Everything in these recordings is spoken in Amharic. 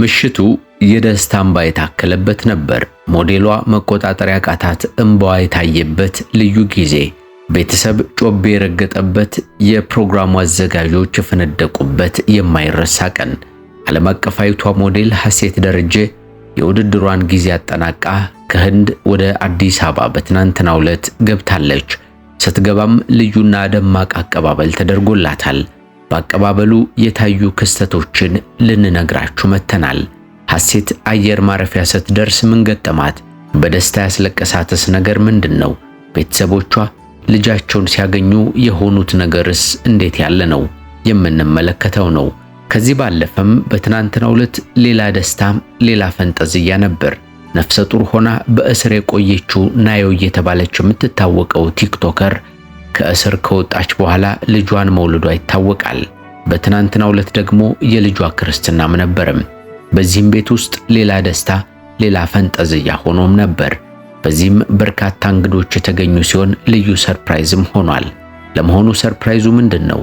ምሽቱ የደስታ እንባ የታከለበት ነበር። ሞዴሏ መቆጣጠሪያ ቃታት እንባዋ የታየበት ልዩ ጊዜ፣ ቤተሰብ ጮቤ የረገጠበት፣ የፕሮግራሙ አዘጋጆች የፈነደቁበት የማይረሳ ቀን። ዓለም አቀፋዊቷ ሞዴል ሀሴት ደረጀ የውድድሯን ጊዜ አጠናቃ ከህንድ ወደ አዲስ አበባ በትናንትናው ዕለት ገብታለች። ስትገባም ልዩና ደማቅ አቀባበል ተደርጎላታል። በአቀባበሉ የታዩ ክስተቶችን ልንነግራችሁ መጥተናል። ሐሴት አየር ማረፊያ ስትደርስ ምን ገጠማት? በደስታ ያስለቀሳትስ ነገር ምንድን ነው? ቤተሰቦቿ ልጃቸውን ሲያገኙ የሆኑት ነገርስ እንዴት ያለ ነው የምንመለከተው ነው። ከዚህ ባለፈም በትናንትናው ዕለት ሌላ ደስታም ሌላ ፈንጠዝያ ነበር። ነፍሰ ጡር ሆና በእስር የቆየችው ናዮ እየተባለች የምትታወቀው ቲክቶከር ከእስር ከወጣች በኋላ ልጇን መውለዷ ይታወቃል። በትናንትናው ዕለት ደግሞ የልጇ ክርስትናም ነበርም። በዚህም ቤት ውስጥ ሌላ ደስታ፣ ሌላ ፈንጠዝያ ሆኖም ነበር። በዚህም በርካታ እንግዶች የተገኙ ሲሆን ልዩ ሰርፕራይዝም ሆኗል። ለመሆኑ ሰርፕራይዙ ምንድን ነው?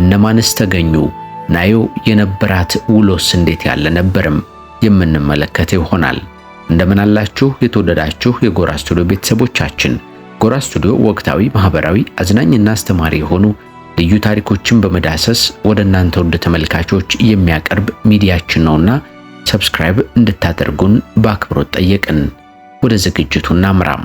እነማንስ ተገኙ? ናዮ የነበራት ውሎስ እንዴት ያለ ነበርም የምንመለከት ይሆናል። እንደምን አላችሁ የተወደዳችሁ የጎራ ስቱዲዮ ቤተሰቦቻችን ጎራ ስቱዲዮ ወቅታዊ፣ ማህበራዊ፣ አዝናኝና አስተማሪ የሆኑ ልዩ ታሪኮችን በመዳሰስ ወደ እናንተ ወደ ተመልካቾች የሚያቀርብ ሚዲያችን ነውና ሰብስክራይብ እንድታደርጉን በአክብሮት ጠየቅን። ወደ ዝግጅቱ እናምራም።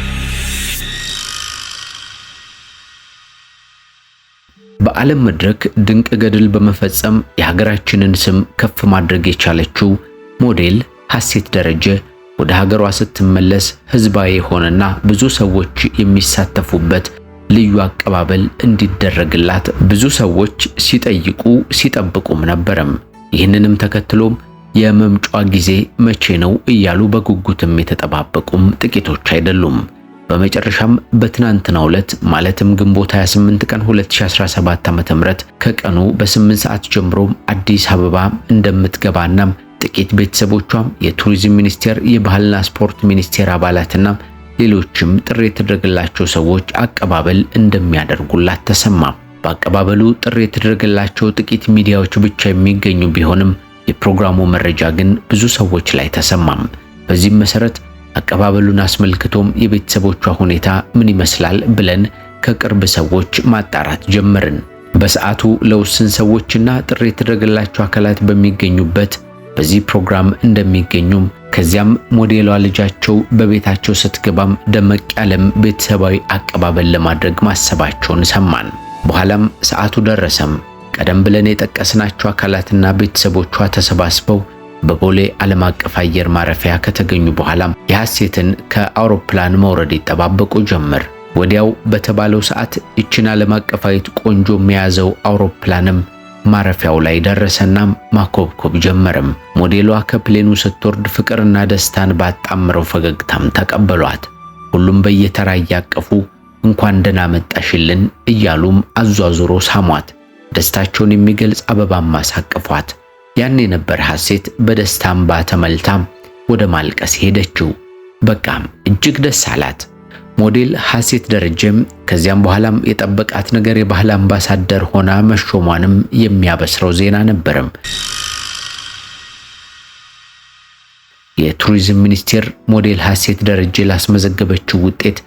በዓለም መድረክ ድንቅ ገድል በመፈጸም የሀገራችንን ስም ከፍ ማድረግ የቻለችው ሞዴል ሀሴት ደረጀ ወደ ሀገሯ ስትመለስ ህዝባዊ የሆነና ብዙ ሰዎች የሚሳተፉበት ልዩ አቀባበል እንዲደረግላት ብዙ ሰዎች ሲጠይቁ ሲጠብቁም ነበረም። ይህንንም ተከትሎም የመምጫ ጊዜ መቼ ነው እያሉ በጉጉትም የተጠባበቁም ጥቂቶች አይደሉም። በመጨረሻም በትናንትናው ዕለት ማለትም ግንቦት 28 ቀን 2017 ዓ.ም ከቀኑ በ8 ሰዓት ጀምሮ አዲስ አበባ እንደምትገባና ጥቂት ቤተሰቦቿም የቱሪዝም ሚኒስቴር፣ የባህልና ስፖርት ሚኒስቴር አባላትና ሌሎችም ጥሪ የተደረገላቸው ሰዎች አቀባበል እንደሚያደርጉላት ተሰማ። በአቀባበሉ ጥሪ የተደረገላቸው ጥቂት ሚዲያዎች ብቻ የሚገኙ ቢሆንም የፕሮግራሙ መረጃ ግን ብዙ ሰዎች ላይ ተሰማም። በዚህም መሰረት አቀባበሉን አስመልክቶም የቤተሰቦቿ ሁኔታ ምን ይመስላል ብለን ከቅርብ ሰዎች ማጣራት ጀመርን። በሰዓቱ ለውስን ሰዎችና ጥሪ የተደረገላቸው አካላት በሚገኙበት በዚህ ፕሮግራም እንደሚገኙም ከዚያም ሞዴሏ ልጃቸው በቤታቸው ስትገባም ደመቅ ያለም ቤተሰባዊ አቀባበል ለማድረግ ማሰባቸውን ሰማን። በኋላም ሰዓቱ ደረሰም። ቀደም ብለን የጠቀስናቸው አካላትና ቤተሰቦቿ ተሰባስበው በቦሌ ዓለም አቀፍ አየር ማረፊያ ከተገኙ በኋላም የሐሴትን ከአውሮፕላን መውረድ ይጠባበቁ ጀመር። ወዲያው በተባለው ሰዓት ይችን ዓለም አቀፋዊት ቆንጆ የያዘው አውሮፕላንም ማረፊያው ላይ ደረሰና ማኮብኮብ ጀመርም። ሞዴሏ ከፕሌኑ ስትወርድ ፍቅርና ደስታን ባጣምረው ፈገግታም ተቀበሏት። ሁሉም በየተራ እያቀፉ እንኳን ደህና መጣሽልን እያሉም አዟዙሮ ሳሟት። ደስታቸውን የሚገልጽ አበባም አሳቅፏት። ያን የነበር ሐሴት በደስታ እንባ ወደ ማልቀስ ሄደችው። በቃም እጅግ ደስ አላት። ሞዴል ሐሴት ደረጀም ከዚያም በኋላም የጠበቃት ነገር የባህል አምባሳደር ሆና መሾሟንም የሚያበስረው ዜና ነበርም። የቱሪዝም ሚኒስቴር ሞዴል ሐሴት ደረጀ ላስመዘገበችው ውጤት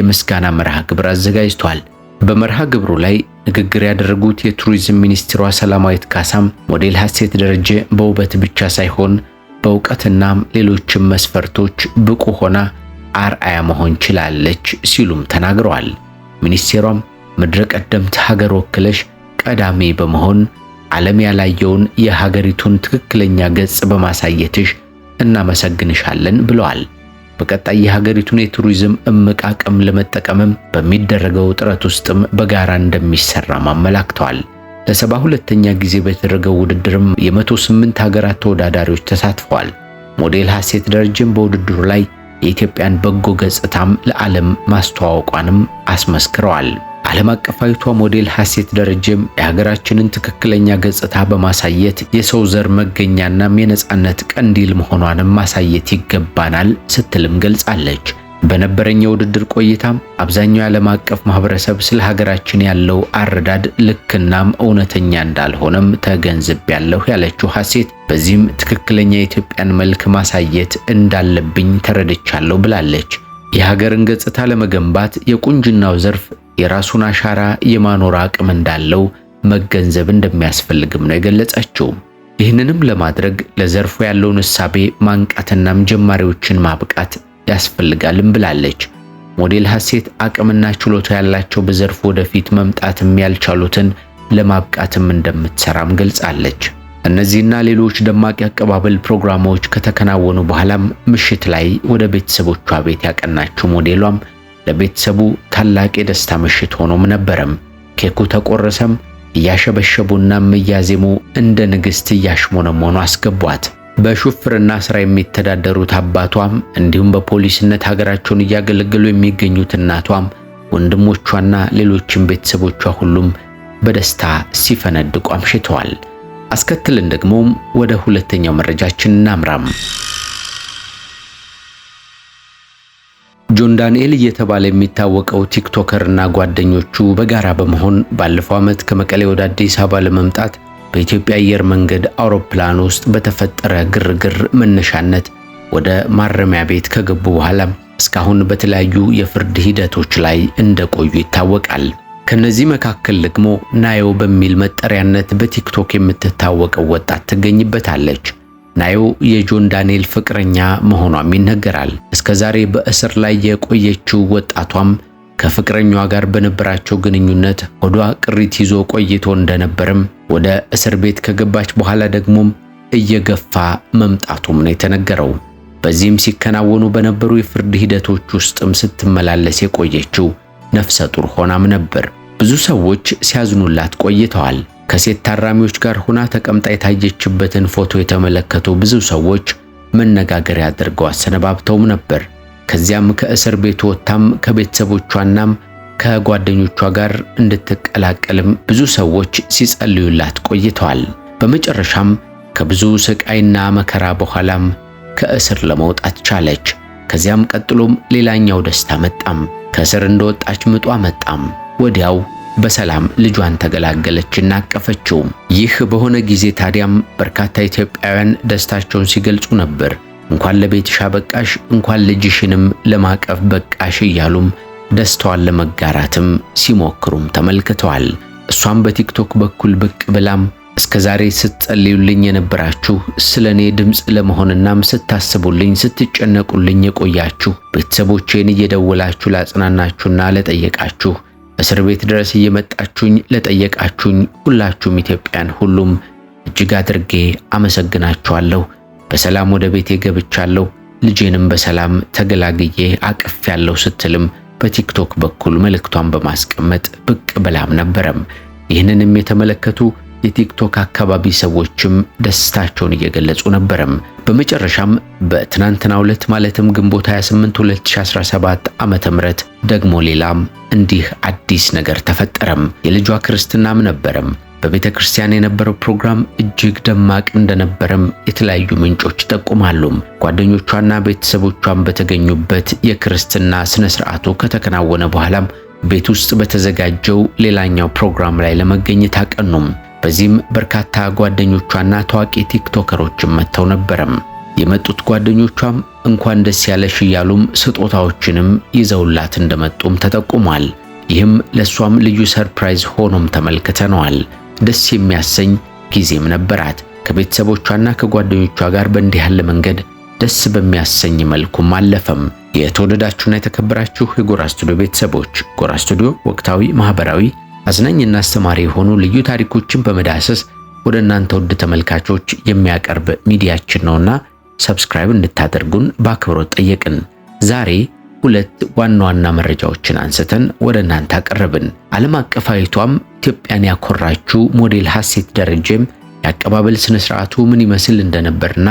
የምስጋና መርሃ ግብር አዘጋጅቷል። በመርሃ ግብሩ ላይ ንግግር ያደረጉት የቱሪዝም ሚኒስትሯ ሰላማዊት ካሳም ሞዴል ሀሴት ደረጀ በውበት ብቻ ሳይሆን በእውቀትናም ሌሎችም መስፈርቶች ብቁ ሆና አርአያ መሆን ችላለች ሲሉም ተናግረዋል። ሚኒስቴሯም ምድረ ቀደምት ሀገር ወክለሽ ቀዳሚ በመሆን ዓለም ያላየውን የሀገሪቱን ትክክለኛ ገጽ በማሳየትሽ እናመሰግንሻለን ብለዋል። በቀጣይ የሀገሪቱን የቱሪዝም እምቅ አቅም ለመጠቀምም በሚደረገው ጥረት ውስጥም በጋራ እንደሚሰራም አመላክተዋል። ለሰባ ሁለተኛ ጊዜ በተደረገው ውድድርም የመቶ ስምንት ሀገራት ተወዳዳሪዎች ተሳትፈዋል። ሞዴል ሀሴት ደረጀም በውድድሩ ላይ የኢትዮጵያን በጎ ገጽታም ለዓለም ማስተዋወቋንም አስመስክረዋል። ዓለም አቀፋዊቷ ሞዴል ሀሴት ደረጀም የሀገራችንን ትክክለኛ ገጽታ በማሳየት የሰው ዘር መገኛናም የነጻነት ቀንዲል መሆኗንም ማሳየት ይገባናል ስትልም ገልጻለች። በነበረኝ የውድድር ቆይታም አብዛኛው የዓለም አቀፍ ማህበረሰብ ስለ ሀገራችን ያለው አረዳድ ልክናም እውነተኛ እንዳልሆነም ተገንዝቤያለሁ ያለችው ሀሴት በዚህም ትክክለኛ የኢትዮጵያን መልክ ማሳየት እንዳለብኝ ተረድቻለሁ ብላለች። የሀገርን ገጽታ ለመገንባት የቁንጅናው ዘርፍ የራሱን አሻራ የማኖር አቅም እንዳለው መገንዘብ እንደሚያስፈልግም ነው የገለጸችው። ይህንንም ለማድረግ ለዘርፉ ያለውን እሳቤ ማንቃትናም ጀማሪዎችን ማብቃት ያስፈልጋልም ብላለች። ሞዴል ሀሴት አቅምና ችሎታ ያላቸው በዘርፉ ወደፊት መምጣትም ያልቻሉትን ለማብቃትም እንደምትሰራም ገልጻለች። እነዚህና ሌሎች ደማቅ የአቀባበል ፕሮግራሞች ከተከናወኑ በኋላም ምሽት ላይ ወደ ቤተሰቦቿ ቤት ያቀናችው ሞዴሏም ለቤተሰቡ ታላቅ የደስታ ምሽት ሆኖም ነበረም። ኬኩ ተቆረሰም። እያሸበሸቡናም እያዜሙ እንደ ንግሥት እያሽሞነሞኑ አስገቧት። በሹፍርና ሥራ የሚተዳደሩት አባቷም እንዲሁም በፖሊስነት ሀገራቸውን እያገለገሉ የሚገኙት እናቷም ወንድሞቿና ሌሎችም ቤተሰቦቿ ሁሉም በደስታ ሲፈነድቁ አምሽተዋል። አስከትልን ደግሞም ወደ ሁለተኛው መረጃችን እናምራም። ጆን ዳንኤል እየተባለ የሚታወቀው ቲክቶከር እና ጓደኞቹ በጋራ በመሆን ባለፈው ዓመት ከመቀሌ ወደ አዲስ አበባ ለመምጣት በኢትዮጵያ አየር መንገድ አውሮፕላን ውስጥ በተፈጠረ ግርግር መነሻነት ወደ ማረሚያ ቤት ከገቡ በኋላ እስካሁን በተለያዩ የፍርድ ሂደቶች ላይ እንደቆዩ ይታወቃል። ከነዚህ መካከል ደግሞ ናዮ በሚል መጠሪያነት በቲክቶክ የምትታወቀው ወጣት ትገኝበታለች። ናዮ የጆን ዳንኤል ፍቅረኛ መሆኗም ይነገራል። እስከ ዛሬ በእስር ላይ የቆየችው ወጣቷም ከፍቅረኛዋ ጋር በነበራቸው ግንኙነት ሆዷ ቅሪት ይዞ ቆይቶ እንደነበርም ወደ እስር ቤት ከገባች በኋላ ደግሞም እየገፋ መምጣቱም ነው የተነገረው። በዚህም ሲከናወኑ በነበሩ የፍርድ ሂደቶች ውስጥም ስትመላለስ የቆየችው ነፍሰ ጡር ሆናም ነበር። ብዙ ሰዎች ሲያዝኑላት ቆይተዋል። ከሴት ታራሚዎች ጋር ሆና ተቀምጣ የታየችበትን ፎቶ የተመለከቱ ብዙ ሰዎች መነጋገሪያ አድርገው አሰነባብተውም ነበር። ከዚያም ከእስር ቤት ወጥታም ከቤተሰቦቿናም ከጓደኞቿ ጋር እንድትቀላቀልም ብዙ ሰዎች ሲጸልዩላት ቆይተዋል። በመጨረሻም ከብዙ ስቃይና መከራ በኋላም ከእስር ለመውጣት ቻለች። ከዚያም ቀጥሎም ሌላኛው ደስታ መጣም። ከእስር እንደወጣች ምጧ መጣም። ወዲያው በሰላም ልጇን ተገላገለችና አቀፈችው። ይህ በሆነ ጊዜ ታዲያም በርካታ ኢትዮጵያውያን ደስታቸውን ሲገልጹ ነበር። እንኳን ለቤትሽ በቃሽ፣ እንኳን ልጅሽንም ለማቀፍ በቃሽ እያሉም ደስታዋን ለመጋራትም ሲሞክሩም ተመልክተዋል። እሷም በቲክቶክ በኩል ብቅ ብላም እስከ ዛሬ ስትጸልዩልኝ የነበራችሁ ስለ እኔ ድምፅ ለመሆንናም ስታስቡልኝ ስትጨነቁልኝ የቆያችሁ ቤተሰቦቼን እየደወላችሁ ላጽናናችሁና ለጠየቃችሁ እስር ቤት ድረስ እየመጣችሁኝ ለጠየቃችሁኝ ሁላችሁም ኢትዮጵያን ሁሉም እጅግ አድርጌ አመሰግናችኋለሁ። በሰላም ወደ ቤቴ ገብቻለሁ፣ ልጄንም በሰላም ተገላግዬ አቅፌያለሁ ስትልም በቲክቶክ በኩል መልእክቷን በማስቀመጥ ብቅ ብላም ነበረም። ይህንንም የተመለከቱ የቲክቶክ አካባቢ ሰዎችም ደስታቸውን እየገለጹ ነበረም። በመጨረሻም በትናንትናው ዕለት ማለትም ግንቦት 28 2017 ዓመተ ምህረት ደግሞ ሌላም እንዲህ አዲስ ነገር ተፈጠረም። የልጇ ክርስትናም ነበረም። በቤተ ክርስቲያን የነበረው ፕሮግራም እጅግ ደማቅ እንደነበረም የተለያዩ ምንጮች ይጠቁማሉ። ጓደኞቿና ቤተሰቦቿን በተገኙበት የክርስትና ስነ ስርዓቱ ከተከናወነ በኋላም ቤት ውስጥ በተዘጋጀው ሌላኛው ፕሮግራም ላይ ለመገኘት አቀኑም። በዚህም በርካታ ጓደኞቿና ታዋቂ ቲክቶከሮችም መጥተው ነበረም። የመጡት ጓደኞቿም እንኳን ደስ ያለሽ እያሉም ስጦታዎችንም ይዘውላት እንደመጡም ተጠቁሟል። ይህም ለሷም ልዩ ሰርፕራይዝ ሆኖም ተመልክተነዋል። ደስ የሚያሰኝ ጊዜም ነበራት። ከቤተሰቦቿና ከጓደኞቿ ጋር በእንዲህ ያለ መንገድ ደስ በሚያሰኝ መልኩም አለፈም። የተወደዳችሁና የተከበራችሁ የጎራ ስቱዲዮ ቤተሰቦች ጎራ ስቱዲዮ ወቅታዊ፣ ማህበራዊ አዝናኝና አስተማሪ የሆኑ ልዩ ታሪኮችን በመዳሰስ ወደ እናንተ ውድ ተመልካቾች የሚያቀርብ ሚዲያችን ነውና ሰብስክራይብ እንድታደርጉን በአክብሮት ጠየቅን። ዛሬ ሁለት ዋና ዋና መረጃዎችን አንስተን ወደ እናንተ አቀረብን። ዓለም አቀፋዊቷም ኢትዮጵያን ያኮራችው ሞዴል ሀሴት ደረጀም የአቀባበል ስነ ስርዓቱ ምን ይመስል እንደነበርና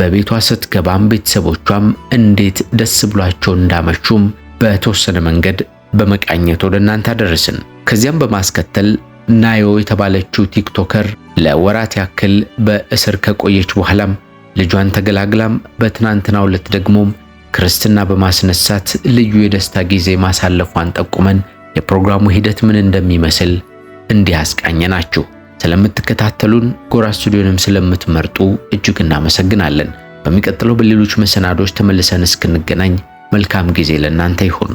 በቤቷ ስትገባም ቤተሰቦቿም እንዴት ደስ ብሏቸው እንዳመቹም በተወሰነ መንገድ በመቃኘት ወደ እናንተ አደረስን። ከዚያም በማስከተል ናዮ የተባለችው ቲክቶከር ለወራት ያክል በእስር ከቆየች በኋላም ልጇን ተገላግላም በትናንትናው ዕለት ደግሞም ክርስትና በማስነሳት ልዩ የደስታ ጊዜ ማሳለፏን ጠቁመን የፕሮግራሙ ሂደት ምን እንደሚመስል እንዲህ አስቃኘናችሁ። ስለምትከታተሉን ጎራ ስቱዲዮንም ስለምትመርጡ እጅግ እናመሰግናለን። በሚቀጥለው በሌሎች መሰናዶች ተመልሰን እስክንገናኝ መልካም ጊዜ ለእናንተ ይሁን።